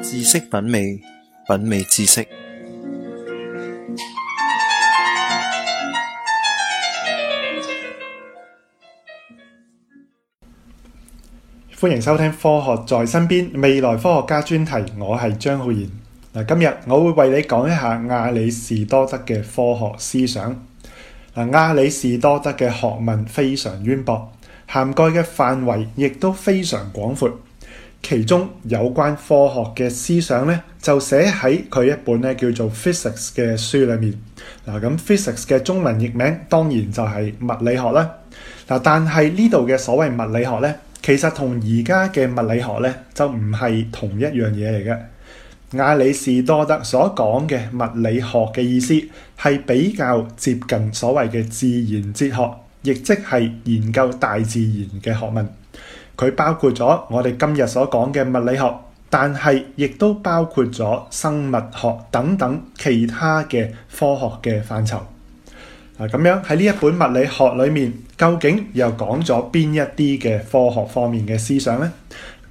知識品味，品味知識。歡迎收聽《科學在身邊》未來科學家專題，我係張浩然。嗱，今日我會為你講一下亞里士多德嘅科學思想。嗱，亞里士多德嘅學問非常淵博，涵蓋嘅範圍亦都非常廣闊。其中有關科學嘅思想咧，就寫喺佢一本咧叫做《Physics》嘅書裏面。嗱，咁《Physics》嘅中文譯名當然就係物理學啦。嗱，但係呢度嘅所謂物理學咧，其實同而家嘅物理學咧就唔係同一樣嘢嚟嘅。亞里士多德所講嘅物理學嘅意思係比較接近所謂嘅自然哲學，亦即係研究大自然嘅學問。佢包括咗我哋今日所講嘅物理學，但係亦都包括咗生物學等等其他嘅科學嘅範疇。嗱，咁樣喺呢一本物理學裏面，究竟又講咗邊一啲嘅科學方面嘅思想呢？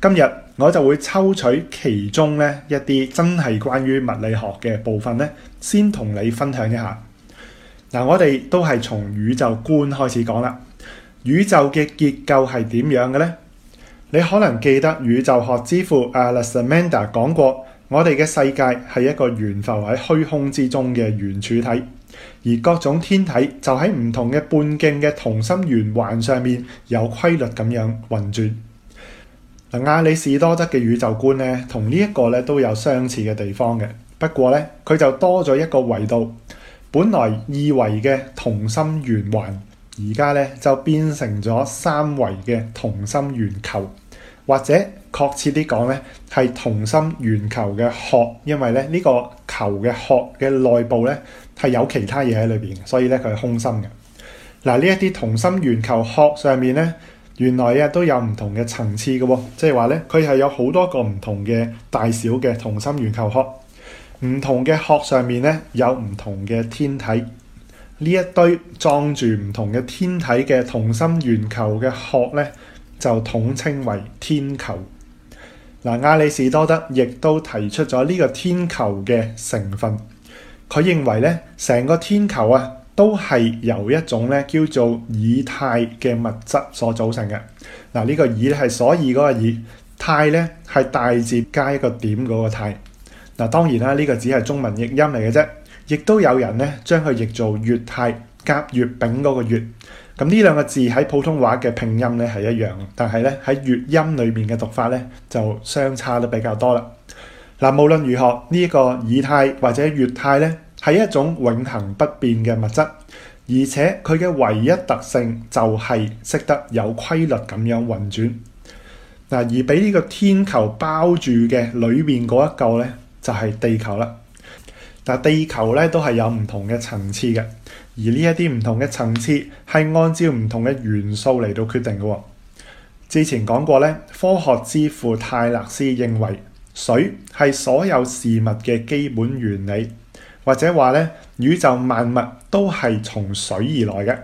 今日我就會抽取其中咧一啲真係關於物理學嘅部分咧，先同你分享一下。嗱，我哋都係從宇宙觀開始講啦。宇宙嘅結構係點樣嘅咧？你可能記得宇宙學之父阿那克西曼德講過，我哋嘅世界係一個懸浮喺虛空之中嘅圓柱體，而各種天體就喺唔同嘅半徑嘅同心圓環上面有規律咁樣運轉。嗱，亞里士多德嘅宇宙觀咧，同呢一個咧都有相似嘅地方嘅，不過咧佢就多咗一個維度，本來二維嘅同心圓環，而家咧就變成咗三維嘅同心圓球。或者確切啲講呢，係同心圓球嘅殼，因為呢呢個球嘅殼嘅內部呢，係有其他嘢喺裏邊嘅，所以呢，佢係空心嘅。嗱，呢一啲同心圓球殼上面呢，原來啊都有唔同嘅層次嘅喎，即係話呢，佢係有好多個唔同嘅大小嘅同心圓球殼，唔同嘅殼上面呢，有唔同嘅天體，呢一堆裝住唔同嘅天體嘅同心圓球嘅殼呢。就統稱為天球。嗱，亞里士多德亦都提出咗呢個天球嘅成分。佢認為咧，成個天球啊，都係由一種咧叫做以太嘅物質所組成嘅。嗱，呢個以咧係所以嗰個以，太咧係大字加一個點嗰個太。嗱，當然啦，呢、這個只係中文譯音嚟嘅啫。亦都有人咧將佢譯做乙太，甲乙丙嗰個乙。咁呢兩個字喺普通話嘅拼音咧係一樣，但係咧喺粵音裏面嘅讀法咧就相差得比較多啦。嗱，無論如何，呢個以太或者粵太咧係一種永恒不變嘅物質，而且佢嘅唯一特性就係識得有規律咁樣運轉。嗱，而俾呢個天球包住嘅裏面嗰一嚿咧就係地球啦。但地球咧都係有唔同嘅層次嘅，而呢一啲唔同嘅層次係按照唔同嘅元素嚟到決定嘅，哦。之前講過咧，科學之父泰勒斯認為水係所有事物嘅基本原理，或者話咧宇宙萬物都係從水而來嘅。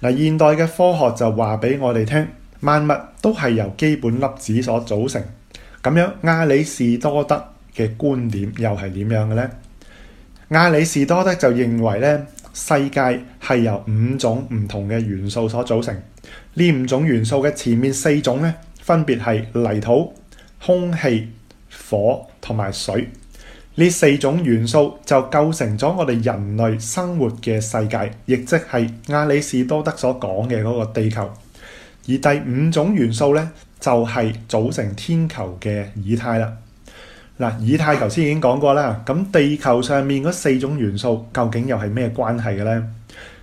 嗱，現代嘅科學就話俾我哋聽，萬物都係由基本粒子所組成。咁樣，亞里士多德嘅觀點又係點樣嘅咧？亞里士多德就認為咧，世界係由五種唔同嘅元素所組成。呢五種元素嘅前面四種咧，分別係泥土、空氣、火同埋水。呢四種元素就構成咗我哋人類生活嘅世界，亦即係亞里士多德所講嘅嗰個地球。而第五種元素咧，就係組成天球嘅以太啦。嗱，以太頭先已經講過啦。咁地球上面嗰四種元素究竟又係咩關係嘅咧？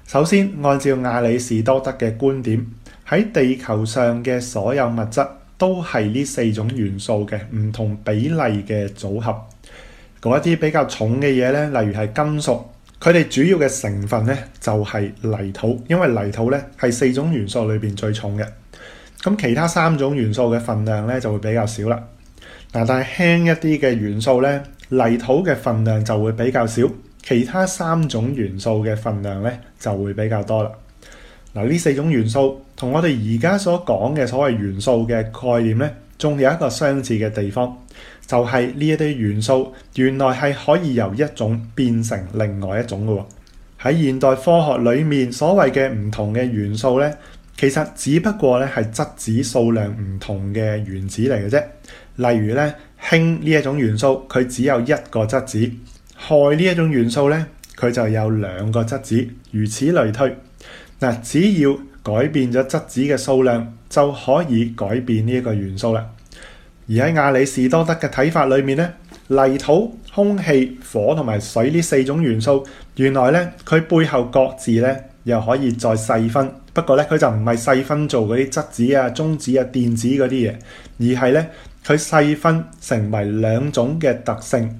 首先，按照亞里士多德嘅觀點，喺地球上嘅所有物質都係呢四種元素嘅唔同比例嘅組合。嗰一啲比較重嘅嘢咧，例如係金屬，佢哋主要嘅成分咧就係泥土，因為泥土咧係四種元素裏邊最重嘅。咁其他三種元素嘅分量咧就會比較少啦。嗱，但係輕一啲嘅元素咧，泥土嘅份量就會比較少，其他三種元素嘅份量咧就會比較多啦。嗱，呢四種元素同我哋而家所講嘅所謂元素嘅概念咧，仲有一個相似嘅地方，就係呢一啲元素原來係可以由一種變成另外一種㗎喎。喺現代科學裏面，所謂嘅唔同嘅元素咧，其實只不過咧係質子數量唔同嘅原子嚟嘅啫。例如咧，氫呢一種元素，佢只有一個質子；氦呢一種元素咧，佢就有兩個質子，如此類推。嗱，只要改變咗質子嘅數量，就可以改變呢一個元素啦。而喺亞里士多德嘅睇法裏面咧，泥土、空氣、火同埋水呢四種元素，原來咧佢背後各自咧又可以再細分，不過咧佢就唔係細分做嗰啲質子啊、中子啊、電子嗰啲嘢，而係咧。佢細分成為兩種嘅特性，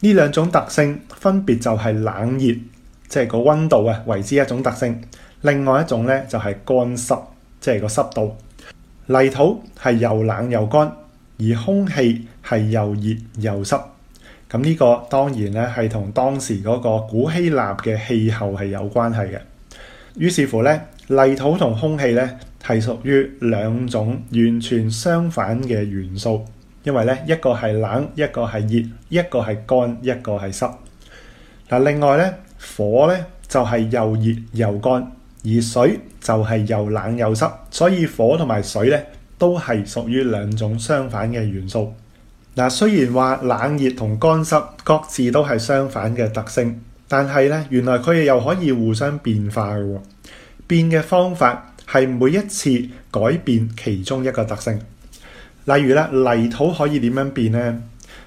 呢兩種特性分別就係冷熱，即係個温度啊，為之一種特性；另外一種咧就係乾濕，即係個濕度。泥土係又冷又乾，而空氣係又熱又濕。咁呢個當然咧係同當時嗰個古希臘嘅氣候係有關係嘅。於是乎咧，泥土同空氣咧。係屬於兩種完全相反嘅元素，因為咧一個係冷，一個係熱，一個係乾，一個係濕。嗱，另外咧火咧就係又熱又乾，而水就係又冷又濕，所以火同埋水咧都係屬於兩種相反嘅元素。嗱，雖然話冷熱同乾濕各自都係相反嘅特性，但係咧原來佢哋又可以互相變化㗎喎。變嘅方法，係每一次改變其中一個特性。例如咧，泥土可以點樣變呢？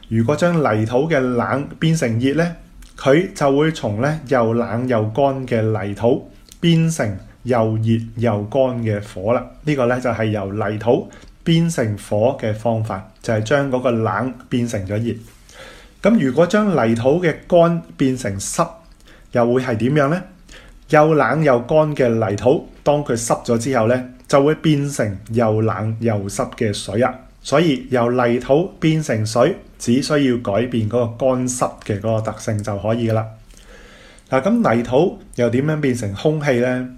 如果將泥土嘅冷變成熱呢，佢就會從咧又冷又乾嘅泥土變成又熱又乾嘅火啦。呢個咧就係由泥土變成火嘅方法，就係將嗰個冷變成咗熱。咁如果將泥土嘅乾變成濕，又會係點樣呢？又冷又乾嘅泥土，當佢濕咗之後呢，就會變成又冷又濕嘅水呀。所以，由泥土變成水，只需要改變嗰個乾濕嘅嗰個乾濕的特性就可以㗎喇。嗱，噉泥土又點樣變成空氣呢？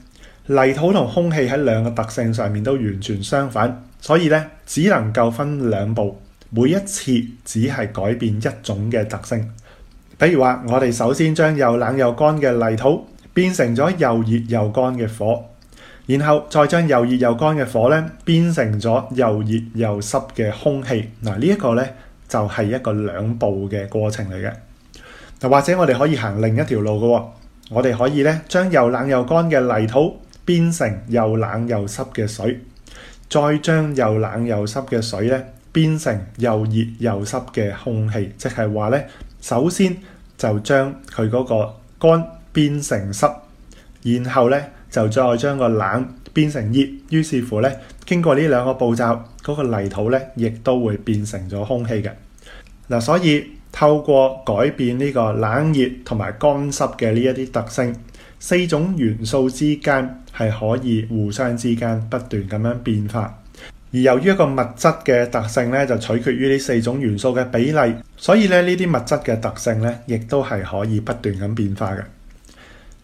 變成咗又熱又乾嘅火，然後再將又熱又乾嘅火咧變成咗又熱又濕嘅空氣。嗱，呢一個咧就係一個兩步嘅過程嚟嘅。嗱，或者我哋可以行另一條路嘅，我哋可以咧將又冷又乾嘅泥土變成又冷又濕嘅水，再將又冷又濕嘅水咧變成又熱又濕嘅空氣，即係話咧首先就將佢嗰個乾變成濕，然後咧就再將個冷變成熱，於是乎咧經過呢兩個步驟，嗰個泥土咧亦都會變成咗空氣嘅。嗱、啊。所以透過改變呢個冷熱同埋乾濕嘅呢一啲特性，四種元素之間係可以互相之間不斷咁樣變化。而由於一個物質嘅特性咧就取決於呢四種元素嘅比例，所以咧呢啲物質嘅特性咧亦都係可以不斷咁變化嘅。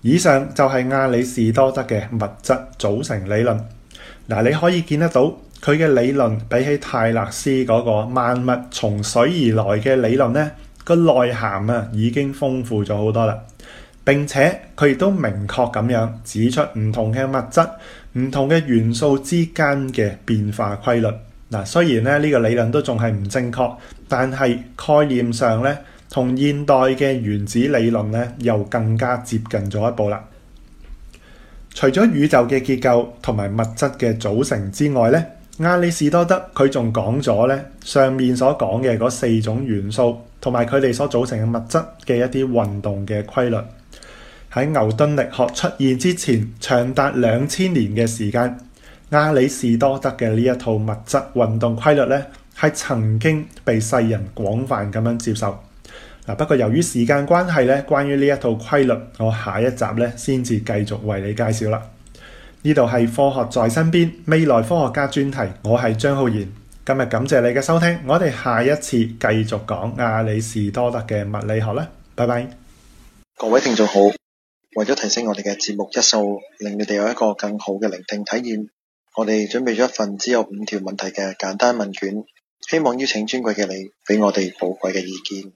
以上就係亞里士多德嘅物質組成理論。嗱，你可以見得到佢嘅理論比起泰勒斯嗰個萬物從水而來嘅理論咧，個內涵啊已經豐富咗好多啦。並且佢亦都明確咁樣指出唔同嘅物質、唔同嘅元素之間嘅變化規律。嗱，雖然咧呢個理論都仲係唔正確，但係概念上咧，同現代嘅原子理論咧，又更加接近咗一步啦。除咗宇宙嘅結構同埋物質嘅組成之外咧，亞里士多德佢仲講咗咧，上面所講嘅嗰四種元素同埋佢哋所組成嘅物質嘅一啲運動嘅規律。喺牛頓力學出現之前，長達兩千年嘅時間，亞里士多德嘅呢一套物質運動規律咧，係曾經被世人廣泛咁樣接受。嗱，不過由於時間關係咧，關於呢一套規律，我下一集咧先至繼續為你介紹啦。呢度係科學在身邊未來科學家專題，我係張浩然。今日感謝你嘅收聽，我哋下一次繼續講亞里士多德嘅物理學啦。拜拜。各位聽眾好，為咗提升我哋嘅節目質素，令你哋有一個更好嘅聆聽體驗，我哋準備咗一份只有五條問題嘅簡單問卷，希望邀請尊貴嘅你俾我哋寶貴嘅意見。